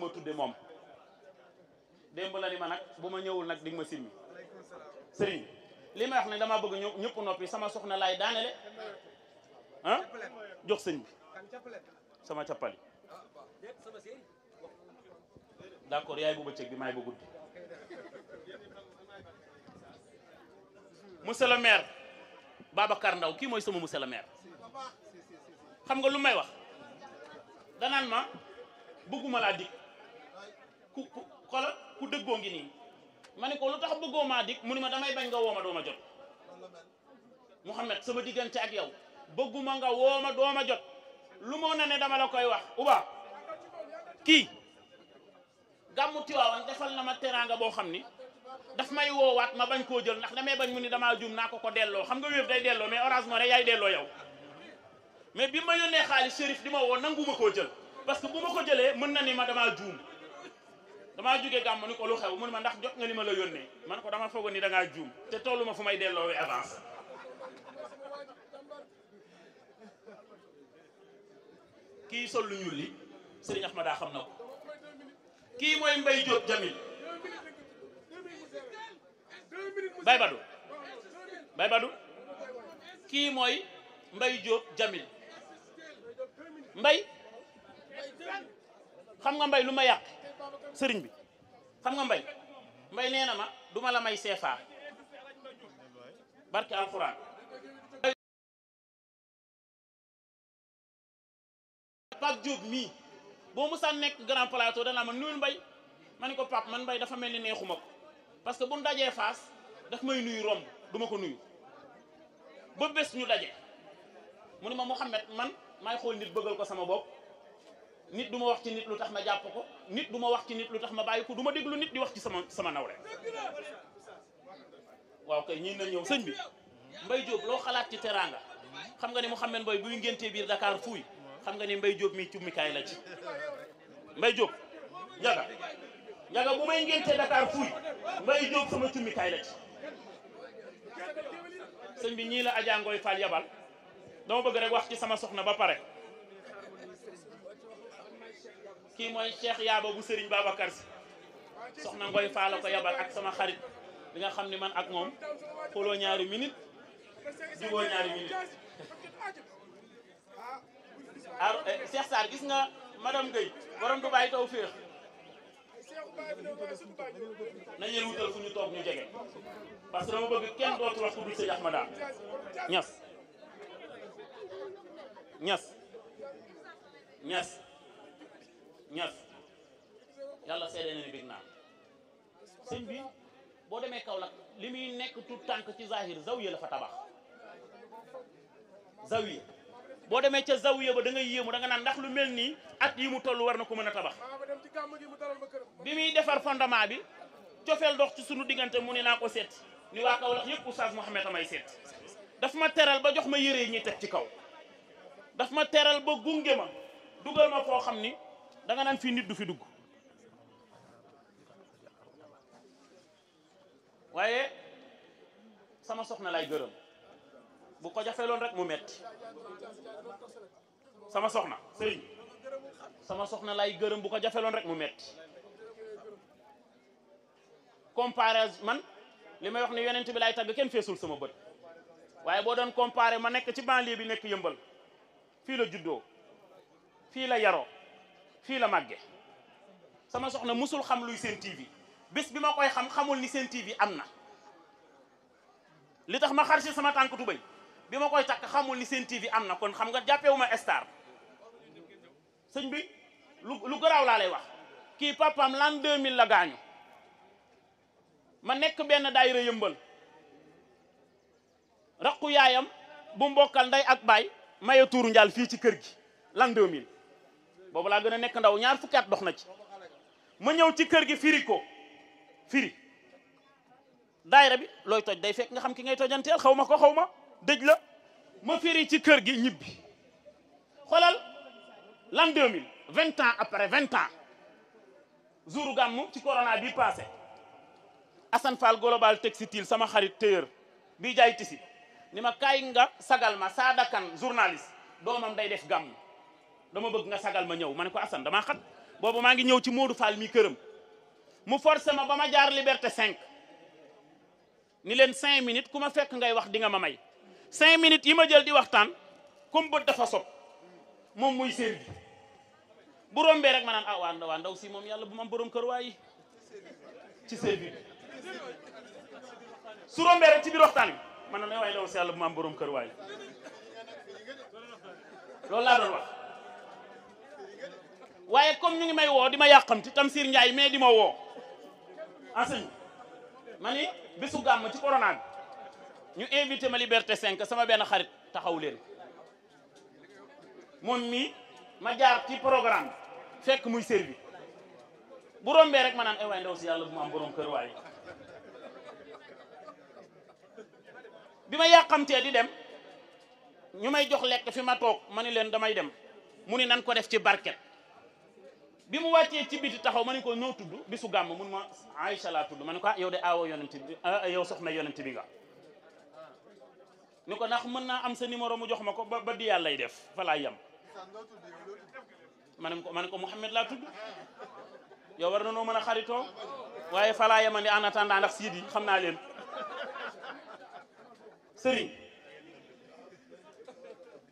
ma tudde moom démb la ni ma nag bu ma ñëwul nag di ma simmi sëriñ li may wax ne damaa bëgg ñëw ñëpp noppi sama soxna laay daanele ah jox sëñ bi sama cappali d'accord yaay bu bëccëg bi maay bu guddi monsieur le maire Babacar Ndaw kii mooy sama monsieur le maire xam nga lu may wax danaan ma bëgguma laa dikk ku ko xoolal ku dëggoo ngi nii ma ne ko lu tax bëggoo maa dikk mu ni ma damay bañ nga woo ma doo ma jot Mouhamed sama diggante ak yow bëgguma nga woo ma doo ma jot lu moo na ne dama la koy wax uba kii gàmmu Tiwaawan defal na ma teraanga boo xam ni daf may woowaat ma bañ koo jël ndax damay bañ mu ni damaa juum naa ko ko delloo xam nga wéef day delloo mais Orange Money yaay delloo yow mais bi ma yónnee xaalis Chérif di ma woo nanguma koo jël parce que na ni ma damaa jógee gàmm ni ko lu ma ndax jot nga ni ma la yónnee man ko dama foogoon ni da ngaa juum te tollu ma fu may delloowee avance kii sol lu ñuul li Serigne Ahmada xam na ko kii mooy Mbaye Diop Jamil Baye mooy Mbaye Diop Jamil xam nga mbay lu ma yàq sëriñ bi xam nga mbay mbay nee na ma duma la may CFA barke alxuraan Pape Diop mii boo musa nekk grand plateau danaa ma nuyul mbay ma ni ko Pape man mbay dafa mel ni neexuma ko parce que bu nu dajee faas daf may nuyu romb duma ko nuyu ba bés ñu daje mu ne ma Mouhamed man maay xool nit bëggal ko sama bopp nit du ma wax ci nit lu tax ma jàpp ko nit du ma wax ci nit lu tax ma bàyyi ko du ma déglu nit di wax ci sama sama nawle waaw kay ñii na ñëw sëñ bi Mbaye Diop loo xalaat ci teraanga xam nga ni Mouhamed booy buy ngéntee biir Dakar fuuy xam nga ni Mbaye Diop mii cummikaay la ci Mbaye Diop njaga njaga bu may ngéntee Dakar fuuy Mbaye Diop sama cummikaay la ci sëñ bi ñii la Adja Ngoy Fall yabal dama bëgg rek wax ci sama soxna ba pare kii mooy Cheikh Yaaba bu Serigne Babacar si soxna Ngoy Faal la ko yabal ak sama xarit bi nga xam ne man ak moom xuloo ñaari minute juboo ñaari eh, gis nga madame Gueye borom du bàyyi taw féex nañ leen fu ñu toog ñu jege parce que bëgg kenn dootu wax ku dul sëñ Ahmada ñas ñas ñas ñas yàlla seede na ni bég naa sëñ bi boo demee Kaolack li muy nekk tout tànk ci zahir zawiya la fa tabax zawiya boo demee ca zawiya ba da ngay yéemu danga naan ndax lu mel nii at yi mu toll war na ko mën a tabax bi muy defar fondement bi cofeel dox ci sunu diggante mu ne naa ko seet ni waa Kaolack yëpp oustaz Mouhamed amay seet daf ma teral ba jox ma yére yi ñuy teg ci kaw daf ma teral ba gunge ma dugal ma foo xam ni danga naan fi nit du fi dugg waaye sama soxna lay gërëm bu ko jafeloon rek mu metti sama soxna sëriñ sama soxna lay gërëm bu ko jafeloon rek mu metti comparé man li may wax ne yonent bi lay tagg kenn feesul sama bët waaye boo doon comparé ma nekk ci banlieue bi nekk yëmbal fii la juddoo fii la yaroo fii la màgge sama soxna musul xam luy seen TV bés bi ma koy xam xamul ni seen TV am na li tax ma xarsi sama tànk tubéy bi ma koy takk xamul ni seen TV am na kon xam nga jàppewu ma star sëñ bi lu lu garaaw laa lay wax kii papaam l'an 2000 la gaañu ma nekk benn daayira yëmbal raqu yaayam bu mbokkal ndey ak baay maye tuuru njaal fii ci kër gi l'an 2000 boobu laa gën a nekk ndaw ñaar fukki at dox na ci ma ñëw ci kër gi firi ko firi daayira bi looy toj day fekk nga xam ki ngay tojanteel xaw ma ko xaw ma dëj la ma firi ci kër gi ñibbi xoolal l'an 2000 vingt ans après vingt ans jouru gàmmu ci corona bi passé Assane Fall global textile sama xarit téyër bi jaay tisi ni ma kaay nga sagal ma saadakan journaliste doomam day def gàmmu dama bëgg nga sagal ma ñëw ma ne ko Assane damaa xat boobu maa ngi ñëw ci Modou Fall mi këram mu forcé ma ba ma jaar liberté cinq ni leen 5 minutes ku fekk ngay wax dinga ma may 5 minutes yi ma jël di waxtaan comme bët dafa sob moom muy séer bi bu rombee rek ma naan ah waa waa ndaw si moom yàlla bu ma am kër waayi ci séer su rombee rek ci biir waxtaan bi ma naan waaye ndaw si yàlla bu ma am kër waayi loolu waaye comme ñu ngi may woo di ma yàqamti Tamsir Ndiaye mais di ma woo enseigne ma ni bésu gàmm ci corona bi ñu invité ma Liberté cinq sama benn xarit taxaw leen moom mi ma jaar ci programme fekk muy servi bu rombee rek ma naan ay eh waay ndaw si yàlla bu ma am kër waaye bi ma yàqamtee di dem ñu may jox lekk fi ma toog ma ni leen damay dem mu ni nan ko def ci barket bi mu wàccee ci biti taxaw ma ne ko noo tudd bisu gàmm mun ma Aïcha laa tudd ma ne ko ah, yow de aawoo yonent bi ah, yow soxna yonent bi nga ni ko ndax mën naa am sa numéro mu jox ma ko ba ba di yàllay def fa laa yem ma ne ko ma ne ko Mouhamed laa tudd yow war na noo mën a xaritoo waaye fa laa yemandi en attendant ndax xam naa leen sëriñ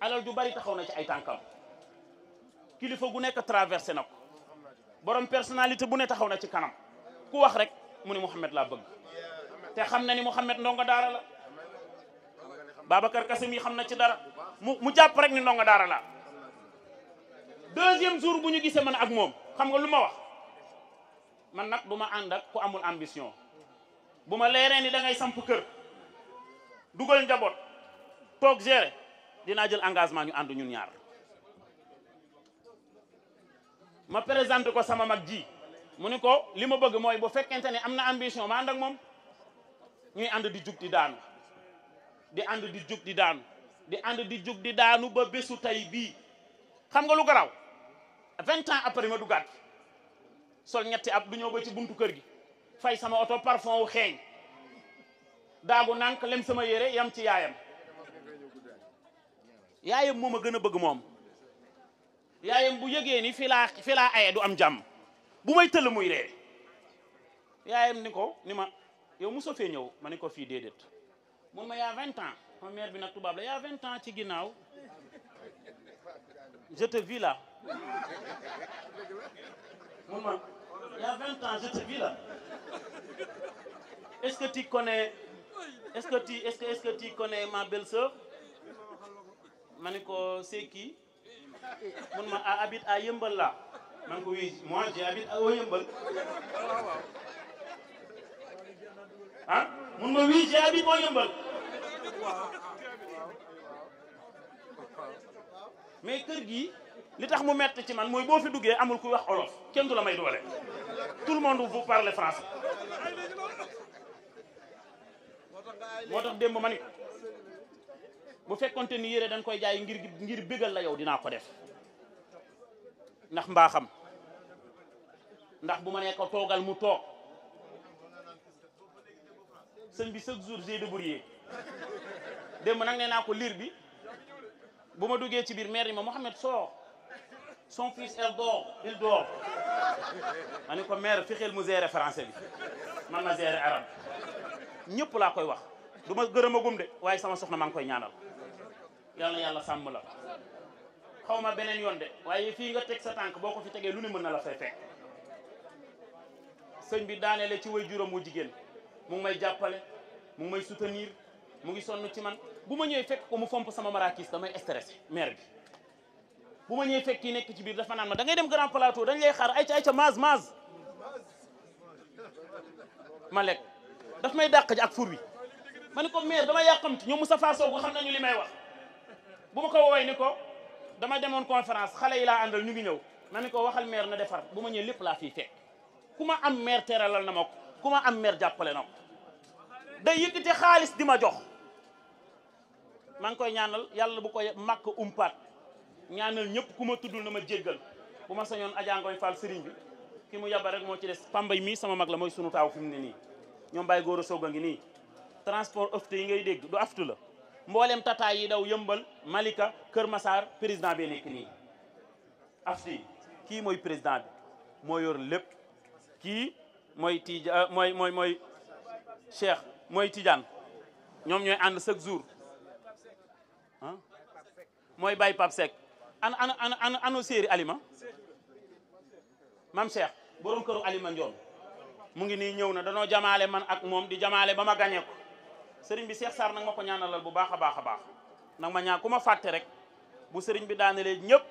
alal ju bari taxaw na ci ay tànkam kilifa gu nekk traversé na ko borom personnalité bu ne taxaw na ci kanam ku wax rek mu ni Mouhamed laa bëgg te xam na ni Mouhamed ndongo daara la Babacar Kasim yi xam na ci dara mu mu jàpp rek ni ndongo daara la deuxième jour bu ñu gisee man ak moom xam nga lu ma wax man nag du ma ànd ak ku amul ambition bu ma leeree ni da ngay samp kër dugal njaboot toog gérer dinaa jël engagement ñu ànd ñun ñaar ma présenté ko sama mag ji mu ni ko li ma bëgg mooy bu fekkente ne am na ambition ma ànd ak moom ñuy ànd di jug di daanu di ànd di jug di daanu di ànd di jug di daanu ba bésu tey bii xam nga lu garaw vingt ans après ma duggaat sol ñetti ab du ñëw ba ci buntu kër gi fay sama oto parfum wu xeeñ daagu nànk lem sama yére yam ci yaayam yaayam moom a gën a bëgg moom yaayam bu yëgee ni fi laa fi du am jàmm bu may tëll muy ree yaayam ni ko ni ma yow mosoo fee ñëw ma ni ko fii déedéet mun ma yaa vingt ans ma mère bi nag tubaab la yaa vingt ans ci ginnaaw je te mun ma yaa vingt ans je te vis là est-ce que tu connais est-ce que ma belle ma ni ko c'est mun ma a habite à Yeumbeul là man ko oui moi j'habite au Yeumbeul ah mais kër gi li tax mu mett ci man mooy boo fi duggee amul kuy wax olof kenn du la may doole tout le monde vous parle français moo tax démb ma ni bu fekkonte ni yére dañ koy jaay ngir ngir bégal la yow dinaa ko def ndax mbaaxam ndax bu ma nee ko toogal mu toog sëñ bi chaque jour j'ai de bourrier démb nag nee naa ko liir bi bu ma duggee ci biir maire yi ma Mouhamed soo son fils elle dort il dort ma ne ko maire fexeel mu gérer français bi man ma gérer arabe ñëpp laa koy wax duma gërëm a gum de waaye sama soxna maa ngi koy ñaanal yal na yàlla sàmm la xaw ma beneen yoon de waaye fii nga teg sa tànk boo ko fi tegee lu ne mën na la fay fekk sëñ bi daaneele ci way juróom wu jigéen mu may jàppale mu ngi may soutenir mu ngi sonn ci man bu ma ñëwee fekk ko mu fomp sama marakis damay stressé maire bi bu ma ñëwee fekk kii nekk ci biir dafa naan ma da ngay dem grand plateau dañ lay xaar ayca ayca maas ma lekk daf may dàq ji ak fur wi ma ko maire dama yàqamti ñoom Moustapha Sow ko xam nañu li may wax bu ma ko woowee ni ko dama demoon conférence xale yi laa àndal ñu ngi ñëw ma ni ko waxal meer na defar bu ma ñëwee lépp laa fiy fekk ku ma am maire teralal na ma ko ku ma am maire jàppale na ko day yëkkati xaalis di ma jox maa ngi koy ñaanal yàlla bu ko màkk umpaat ñaanal ñëpp ku ma tuddul na ma jéggal bu ma sañoon Adja Ngoy Fall sëriñ bi ki mu yaba rek moo ci des pambay mii sama mag la mooy sunu taaw fi mu ne nii ñoo mbay góor a soog a ngi nii transport ëft yi ngay dégg du aftu la mboolem tata yi daw yëmbal Malika Kër Massar président bi nekk nii af si kii mooy président bi moo yor lépp kii mooy Tidja euh, mooy mooy mooy Cheikh mooy Tidiane ñoom ñooy ànd chaque jour ah mooy Baye Pape Seck an an an an ano séeri alima mam Cheikh borom këru alima Ndiol mu ngi nii ñëw na danoo jamaale man ak moom di jamaale ba ma gañe ko sëriñ bi Cheikh Sarr nag ma ko ñaanalal bu baax a baax a baax nag ma ñaan ku ma fàtte rek bu sëriñ bi daanelee ñëpp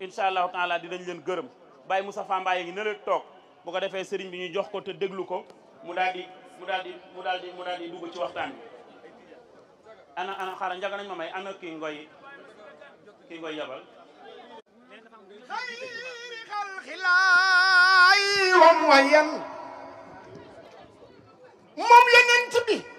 incha allahu taala dinañ leen gërëm Baye Moussa Fambaye ngi ne leen toog bu ko defee sëriñ bi ñuy jox ko te déglu ko mu daal di mu daal di mu daal di mu daal dugg ci waxtaan bi ana ana xaaral nañ ma may ana kii ngoy kii yabal xalxilaay wam wayan moom yonent bi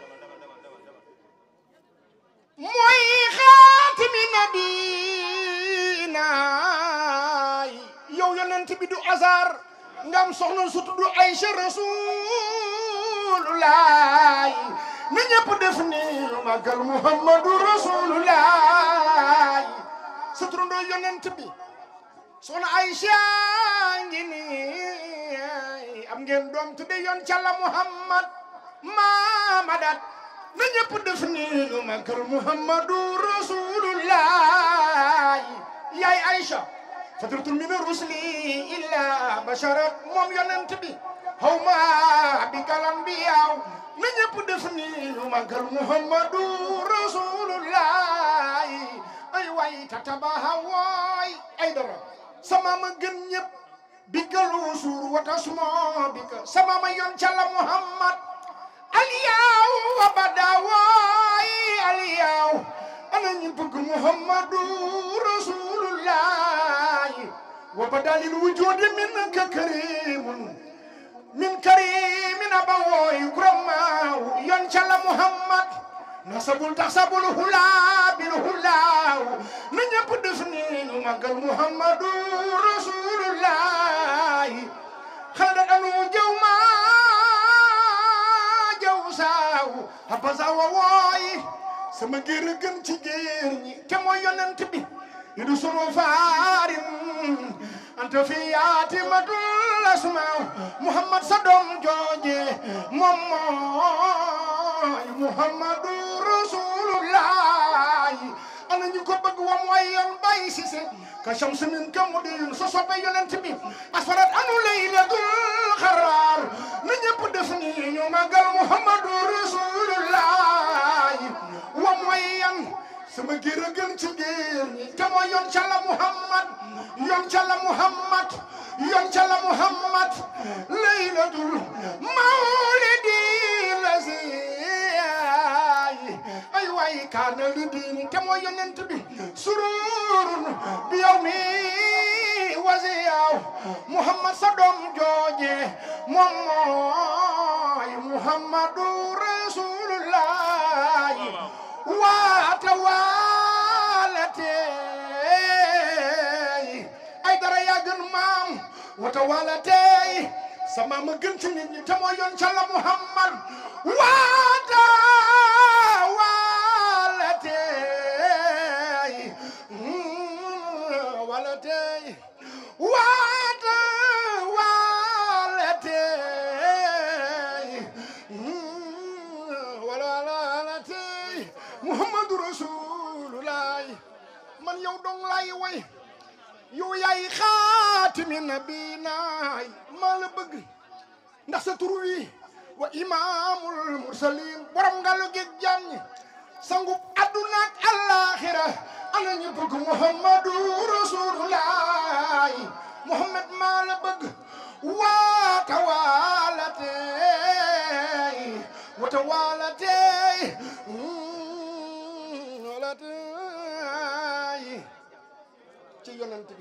azar ngam soxna su tudd Aysa Rasulullah na ñëpp def ni Muhammadu Rasulullah sa turandoo yonent bi soxna Aysa ngi nii am ngeen doom tudde yoon càlla Muhammad Maamadat na ñëpp def ni Muhammadu Rasulullah yaay Aysa fadratul min rusli illa basharat moom yonent bi xaw ma bi kalam bi yaaw na ñëpp def ni lu magal muhammadu rasulullahi ay way tatabaha wooy ay dara sama ma gën ñëpp bi ka luusuur watasmo bi ka sama ma yoon muhammad aliyaaw abada wooy aliyaaw ana ñu bëgg muhammadu rasulullah وبدل الوجود منك كريم من كريم أبوي يكرم ينشل محمد nasabul tasabul hulaa bil hulaa na ñëpp def ni ñu magal muhammadu rasulullahi xalda danu jëw ma jëw saaw habasa wa wooy sama géer a ci géer ñi te mooy yonent bi يدسم فار أنت في عاتمة الأسماء محمد صدوم جوجي مماي محمد رسول الله أنا نيكو بغ وموي باي سيسي كشمس من كمودين سوسوبي يونت بي أسفرت أنو ليلة الخرار نيب دفني يوم قال محمد رسول sama géer a gën ci géer te mooy yoon ca muhammad yoon ca muhammad yoon mawlidi lazi ay waay kaana li diini te mooy yonent bi sururun bi yow mi wasiyaaw muhammad sa doom jooje moom mooy muhammadu watawaalatee ay dara yaa gën maam watawaalatee sa maam a ci nit ñi te ca la Muhammad bëgg ndax sa tur wi wa imaamul mursalin borom ngalu gi jaam ñi sangub adduna ak alaxira ana ñu bëgg muhammadu rasulullahi muhammad maa la bëgg waata waalatey wata waalatey mm, waalatey ci yonent bi